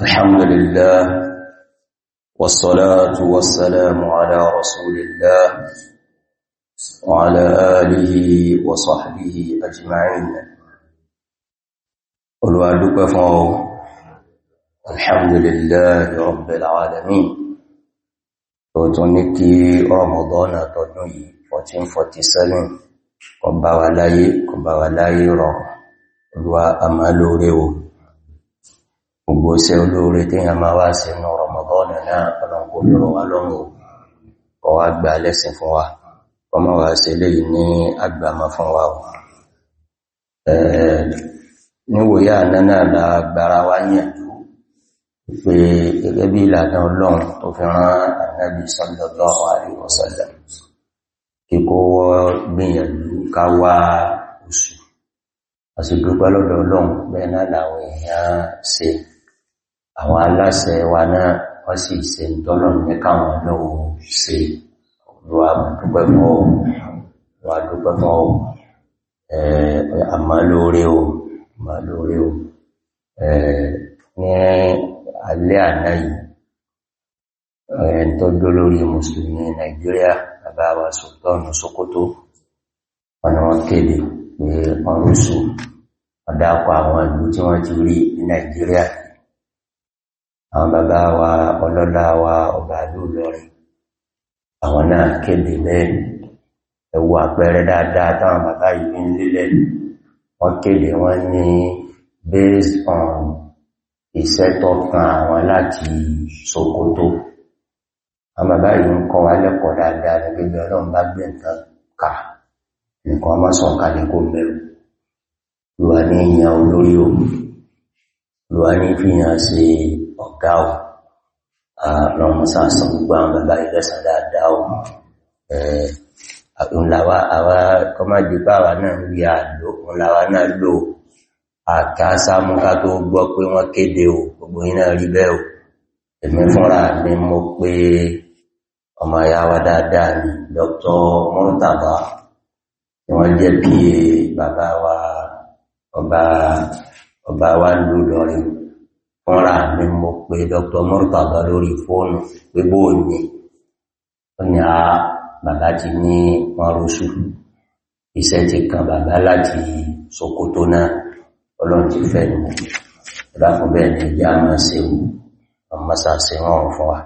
الحمد لله والصلاة والسلام على رسول الله وعلى آله وصحبه أجمعين والوالد فهو الحمد لله رب العالمين وتنكي رمضان تدني 1447 قبا ولاي قبا ولاي رب olúwa a máa lóore o gbogbo ṣe olóore tí a máa wá sí ní Ramadan náà ọlọ́nkò lọ́rọ̀ wá lọ́rùn ọwá gbà lẹ́sìn fún wa ọmọ wa ṣe lè ní agbàmọ́ fún wa níwòyá nánà lágbára wá yẹ̀dú pé gẹ́gẹ́ bí ìlànà ọlọ́run tó fi rán Ànábì sallallahu alaihi wasallam kíkó àwọn aláṣẹ wa náà wọ́n sì ṣe ń tọ́lọ̀ ní káwọn náà ṣe olúwa dúpẹ́ fún ọ olúwa dúpẹ́ fún ọ àmọ́ lóore o àmọ́ lóore o ní alẹ́ àná yìí ẹ̀yẹn tó dó lórí mùsùlùmí nàìjíríà bàbá wa sọ̀tọ́nù Sókótó ọ̀nà wọn kéde pé ọrùsù ọ̀dápọ̀ àwọn ìlú tí wọ́n ti rí ní nàìjíríà àwọn bàbá wa ọlọ́lá wa ọba lóòlọ́rin àwọn náà kéde bẹ́ẹ̀ ẹwọ àpẹẹrẹ dáadáa táwọn bàbá yìí ń lílẹ̀ wọ́n kéde wọ́n ní based on ìṣẹ́tọ̀ kan àwọn láti Sokoto àwọn bàbá yìí ń kọ́ wa lẹ́kọ̀ọ́ dáadáa gẹ́gẹ́ ọlọ́run bá gbẹ̀ nǹkan kà nǹkan ọmọ sọ̀kalẹ̀ ọ̀gá o ọlọ́run sáàsán gbogbo àwọn bàbá ìlẹ́sàn dáadáa o ńláwá àwá kọmáàdì pàwà náà rí àlò ńláwá náà lò àkásámú ká tó gbọ́ pé wọ́n kéde o gbogbo iná rí bẹ́ẹ̀ o èmi fúnra mi mo pé ọmọ ayáwá dáadáa ni ọ̀rà mi mo pè Dr. Murtala lórí fóònù pé bó ní ó bàbá ti ní wọ́n iṣẹ́ ti kan bàbá láti Sokoto náà ọlọ́run ti fẹ́ ní ìdáfún bẹ́ẹ̀ ní ìyá máa ṣe wù ọmọsà ṣe wọ́n fún wa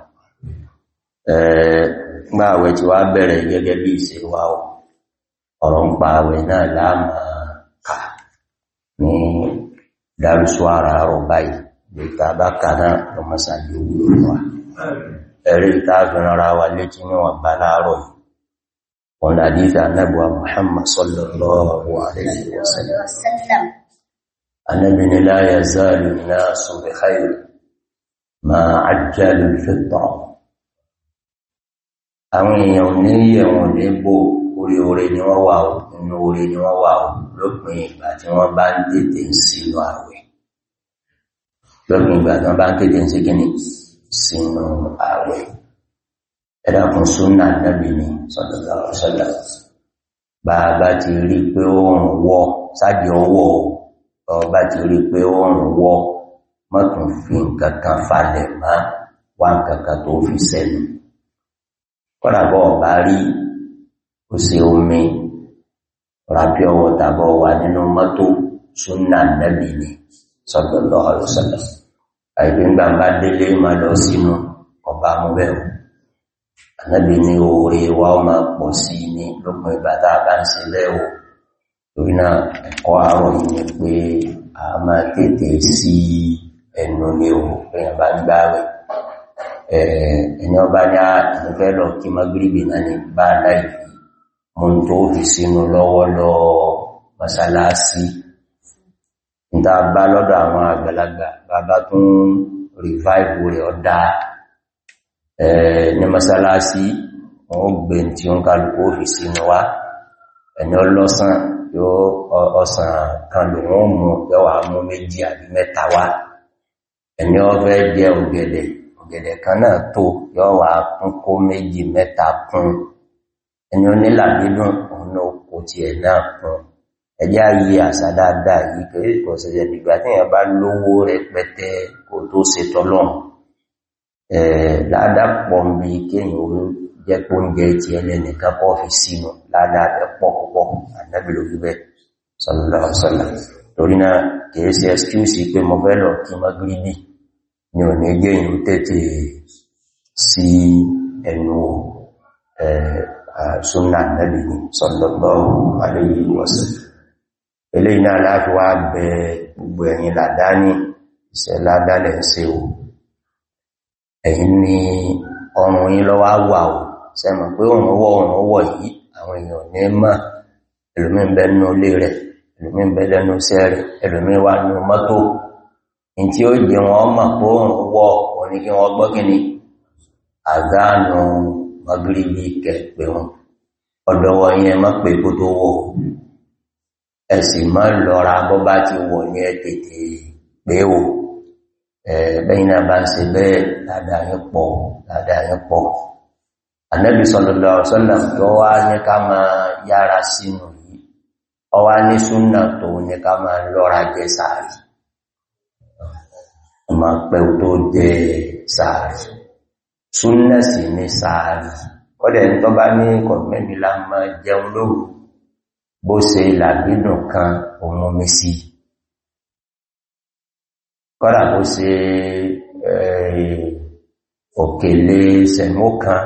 gbá àwẹ̀ tí wá bẹ̀rẹ̀ gẹ́gẹ́ bí ìṣe wa ọ̀rọ̀ ń pa àwẹ̀ náà láàmà kà ní dárúsọ ara rọ̀ báyìí gbẹ̀ta bá kàná lọmọsàgbé wúlò wà ẹ̀rí ìtàgbìnra wa létí níwọ̀n bá láàárọ̀ wọn àdíta anábùwa Muhammad sallallahu alaihi wasallam anábi ni la yazalu nasu bi khayr ma ajjalu fitra àwọn èèyàn ní ẹ̀wọ̀n lè bó orí orí ni wọ́n wà ó orí ni wọ́n wà lópin ìgbà tí wọ́n bá ń tètè sínú àwẹ̀ lọ́dún ìgbà tán bá kéde ń ṣe gíní sínú ààrẹ ẹ̀dàkùn súnà nẹ́bì ní sọ̀dọ̀lọ́sọ̀dọ̀ bá bá ti rí pé oòrùn wọ̀ sáàdì ọwọ́ ọ bá ti rí pé oòrùn wọ̀ mọ́tún fi nǹkankan falẹ̀ má wá nǹkankan tó fi sẹ́nu kọ́nàbọ̀ ọ̀bá rí ó ṣe omi ràbí ọwọ́ tàbọ̀ wà nínú mọ́tò súnà nẹ́bì ní sallallahu alaihi wasallam àìgbéǹgbà bá délé ma lọ sínú ọba amúbẹ̀ ànábì ní oore wa ó máa pọ̀ sí ní lópin ìbátá bá se lẹ́wọ̀ torí náà ẹ̀kọ́ àárọ̀ yìí a máa tètè sí ẹnu ní o èèyàn bá ń gbáwẹ̀ ẹni ọba ní àtúnfẹ́ ah, lọ magribi náà ní bá láì mú tó fi sínú ìta bá lọ́dọ̀ àwọn àgbàlagbà bàbá tó ń revive rẹ̀ ọ̀dá ní masalasi wọ́n gbé tí ó ń kálùkú òfìsí ni wá ẹni ọlọ́sàn yóò ọsàn kan lò wọ́n mú yọ́wà mú méjì àbí mẹ́ta wá ẹni ọfẹ́ jẹ ọ̀gẹ̀dẹ̀ ọ̀gẹ̀dẹ̀ kan náà tó yọ́wà kún kó méjì mẹ́ta kún ẹni onílàbídùn òun náà kò tiẹ̀ náà kún ẹjẹ́ ayé àṣà dáadáa yìí kò yíkò ṣẹ̀ṣẹ̀ dìgbà tí èèyàn bá lówó rẹpẹtẹ kò tó ṣe tọ́lọ́run ládàá pọ̀ ń bi kéèyàn ó jẹ́ pé oúnjẹ ti ẹlẹ́nìkan kọ́ fi sínú ládàá rẹ̀ pọ̀ púpọ̀ ànábìlò wíwẹ̀ sallallahu alaihi wasallam torí náà kìí ṣe excuse pé mo fẹ́ lọ sallallahu alaihi wasallam eléyìí náà láti wá bẹ gbogbo ẹ̀yin làdáni ìṣẹ́ ládálẹ̀ ṣe o ẹ̀yin ni ọrùn yín lọ́wọ́ wà o sẹ́mọ̀ pé òun wọ́ òun wọ̀ yìí àwọn èèyàn ní mọ̀ ẹlòmí ń bẹ nínú ilé rẹ̀ ẹlòmí ń ni kí wọ́n gbọ́ kí ni àdánù ẹ̀sì máa ń lọ́ra bọ́ bá ti wọ̀ ní ẹ̀tẹ̀tẹ̀ pé o ẹ̀bẹ́yìn náà bá ń ṣe bẹ́ẹ̀ ládáyẹ́pọ̀ ládáyẹ́pọ̀ Ànábì sallallahu alaihi wasallam tó wá ní ká máa yára sínú yìí tó bá ní kọ̀mẹ́mìlá máa jẹun lóòrùn bó ṣe làbídùn kan òun mi sí kọ́dà bó ṣe eh, òkèlè sẹ̀mó kan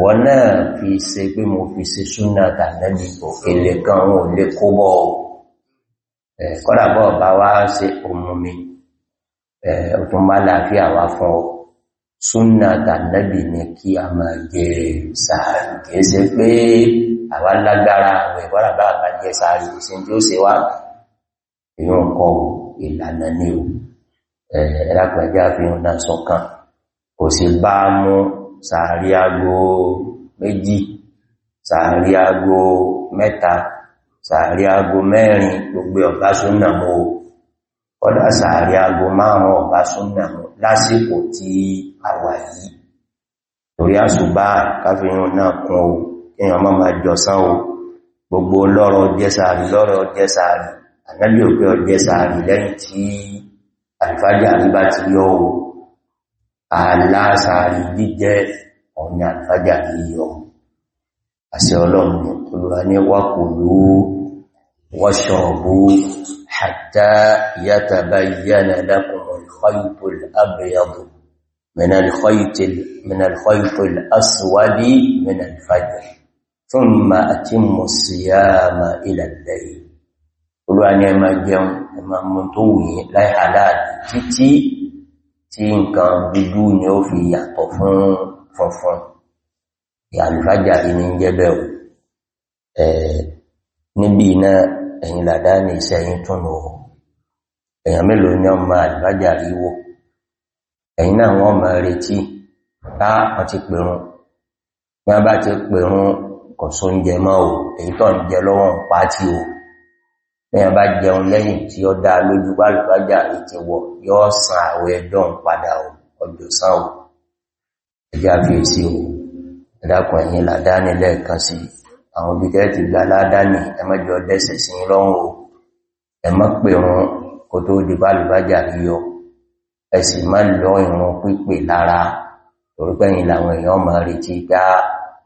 wọ́n náà fi ṣe pé mo fi ṣe súnà tàbí òkèlè kan ò lè kó bọ́ eh, kọ́dà bọ́ bá wá ṣe òun mi òtún eh, bá láàfíà wá fún súnà tàbí ní kí a máa jẹ sàárì pé àwa lágbára àwọn ìwárà bá àbájẹ́ sáré sí tí ó ṣe wá èyàn kọ ìlànà ní o ẹ̀lápẹ̀já fi hàn náà sọ́kàn kò sí bá mú sàárí aago méjì sàárí aago mẹ́ta sàárí aago mẹ́rin gbogbo ọ̀bá súnnà mú o kọ́dá sàárí aago márùn ọ̀bá súnnà mú lásìkò tí àwà yìí torí àṣùgbà káfíhàn náà kún o èèyàn máa máa jọsán o gbogbo lọ́rọ̀ jẹ́sàárì lọ́rọ̀ jẹ́sàárì ànábì òpé ọjẹ́sàárì lẹ́yìn tí àlìfájà rí bá ti yọ o àlásàárì jíjẹ́ ọ̀nà àlìfájà rí yọ àṣẹ ọlọ́run من الخيط wákòlú wọ́ṣọ̀bú hatta yatabayyana lakum thumma atimmu siyama ila al-layl olúwa ni ẹ máa jẹun ẹ máa mú tó wù yín láì àláàdì títí tí nǹkan dúdú ni ó fi yàtọ̀ fún funfun ìyàlùfájà yìí ní jẹ́bẹ̀ ò níbi iná ẹ̀yìn làdá ní iṣẹ́ yìí tún lò èèyàn mélòó kọ̀só ń jẹ mọ́ o èyí tọ́ ń jẹ lọ́wọ́ pàtí o bẹ́yàn bá jẹun lẹ́yìn tí ó dá lójú bá lùbájà ìtì wọ̀ yóò san àwẹ̀ ẹ̀dọ́n padà o ọjọ́ sán o ẹjá fi èsì o ẹ̀dàkùn ẹ̀yìn làdáni lẹ́ẹ̀kan sí àwọn ibi tẹ́ ti gbà ládáni ẹmọ́jọ dẹ́sẹ̀ sí lọ́rùn o ẹmọ́ pè wọn kó tó di bá lùbájà yíyọ ẹ̀sìn má lọ ìrun pípè lára torípẹ́yìn làwọn èèyàn máa retí dáa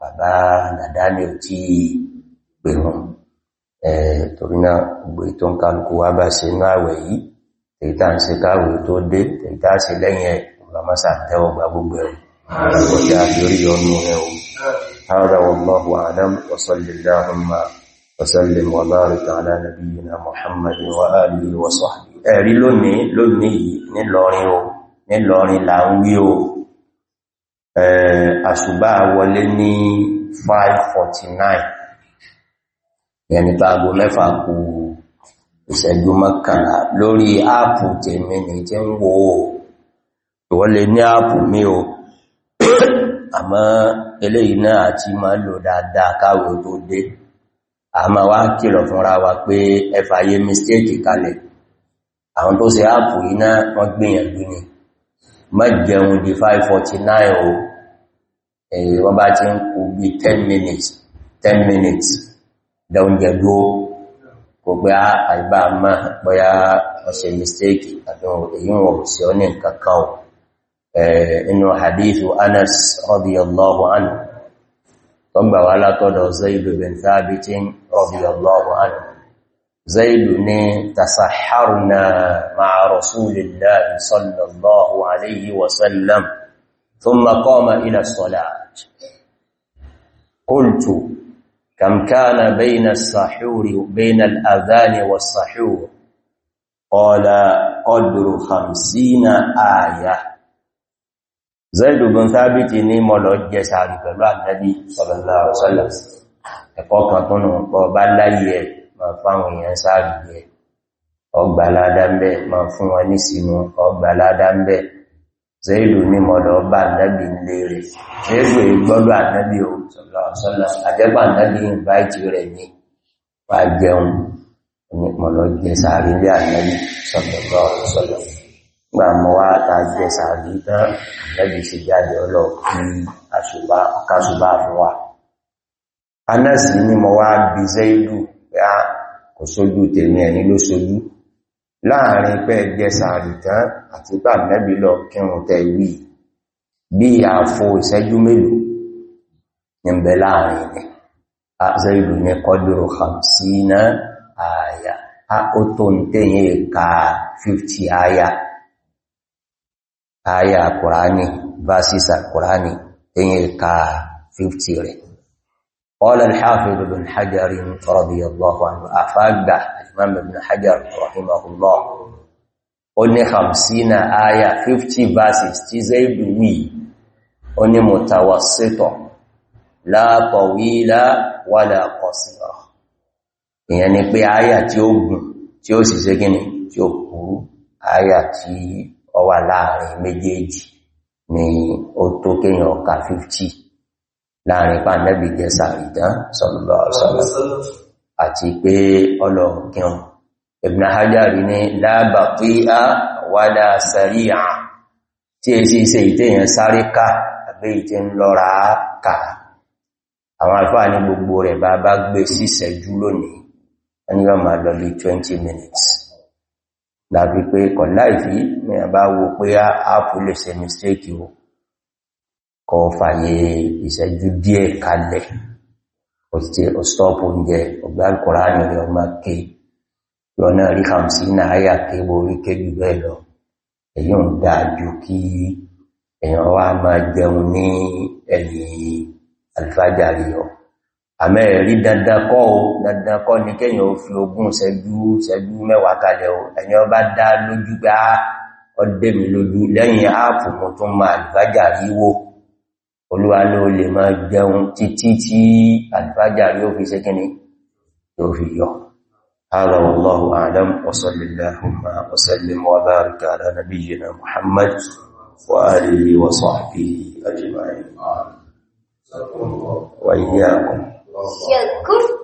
bàbá làdáni ò tí pèrún torí náà gbé tó ń kálukú wá bá ṣe ní àwẹ̀ yìí tèyítà ń ṣe káwẹ̀ tó dé tèyítà ṣe lẹ́yìn هذا والله أعلم وصل اللهم وسلم وبارك على نبينا محمد وآله وصحبه ẹ̀rí lónìí lónìí nílọrin o nílọrin làwí o Eh, àṣùbá wọlé ní 549 ẹni tààgò mẹ́fà kú ìṣẹ́jú mọ́kànlá lórí áàpù tèmi ní tí ń wo ìwọ́lé ní áàpù mi o àmọ́ eléyìí náà àti máa lò dáadáa káwò tó dé a ma wá kìlọ̀ fúnra wa pé ẹfàyé mistake kalẹ̀ àwọn tó ṣe áàpù yìí náà wọ́n gbìyànjú ni má jẹun bí 549 o èyí wọ́n bá ti ń kú bí 10 minutes 10 minutes dáúnjẹ dúó kò pé ah, àìbá má bóyá ọ̀sẹ̀ mistake àdán èyí wọ̀n sí ọ ní kankan inú hadithu anas radiyallahu anhu tó gbà wá látọ̀dọ̀ zaid bin thabitin radiyallahu anhu زيد بن تسحرنا مع رسول الله صلى الله عليه وسلم ثم قام إلى الصلاة قلت كم كان بين السحور بين الأذان والسحور قال قدر خمسين آية زيد بن ثابت نيم الله lo الله النبي صلى الله عليه وسلم يقول e ko máa fáwọn èèyàn sáàrì yẹ ọgbà ládá ń fún wọn ní sínú ọgbà ládá zaidu ní mọ̀lọ́ bá nábi nílé rẹ̀ zaidu ìgbọ́lọ́ ànábi o sọ́lá àjẹ́gbà nábi ìbáìtì rẹ̀ ní wà jẹun ní mọ̀lọ́ ta jẹ sàárì tán nábi sì jáde ọlọ́ kí kásùbá fún wa anásì òṣojú tèmi ẹ̀yìn ló ṣojú láàrin pẹ́ jẹsàrì tán àti pà mẹ́bí lọ kírun tẹ̀wí bí àfo ìṣẹ́jú mélòó ní ń bẹ láàrin rẹ̀ àṣẹ ìlú ní kọdùrù hamsina àyà a ó tó ń tẹ́yẹ ka 50 àyà àyà kùránì versus kùránì tẹ́yẹ ka 50 rẹ̀ قال الحافظ بن حجر رضي الله عنه أفاق الإمام ابن حجر رحمه الله قلني خمسين آية 50 verses تزيد وي قلني متوسطة لا طويلة ولا قصيرة يعني pé آية tí ó gùn tí ó sì ṣe kíni tí ó kúrú آية tí ó wà láàrin méjèèjì ni ó tó kéèyàn ka 50 láàrin pa nẹ́bí jẹsà ìdán sọ̀lọ̀ sọ̀lọ̀ àti pé ọlọ́kẹun Ibn Hajar ní lábà pí á wádá sàrí à tí è sí iṣẹ́ ìtẹ́yàn sáré ká àbí ìtẹ́ ń lọ́ra ká àwọn alfáà ní gbogbo rẹ̀ bá bá gbé síṣẹ́jú lónìí wọ́n minutes láti pé kọ̀ láìfí ní àbá wo pé kọ fàyè ìṣẹ́jú díẹ̀ kalẹ̀ ọ̀stọ́pù oúnjẹ ọ̀gbá ìkọ̀rá nìrẹ̀ ọmọ ké yọ náà rí kàmsí náà áyà ké borí ké jù bẹ́ẹ̀ lọ èyí ń dáa ju kí èèyàn wá máa jẹun ní ẹ̀yìn alifájàrí ọ àmẹ́ rí dandakọ́ o dandakọ́ ni kéèyàn ó fi ogún ṣẹ́jú ṣẹ́jú mẹ́wàá kalẹ̀ o ẹ̀yàn bá dá lójú gbá ọdẹ́mi lójú lẹ́yìn áàpù mo tún máa alifájàrí wò olúwa ló lè máa jẹun títí tí àlùfájà yóò fi ṣe kíni yóò fi yọ هذا والله أعلم وصل اللهم وسلم وبارك على نبينا محمد وآله وصحبه أجمعين وإياكم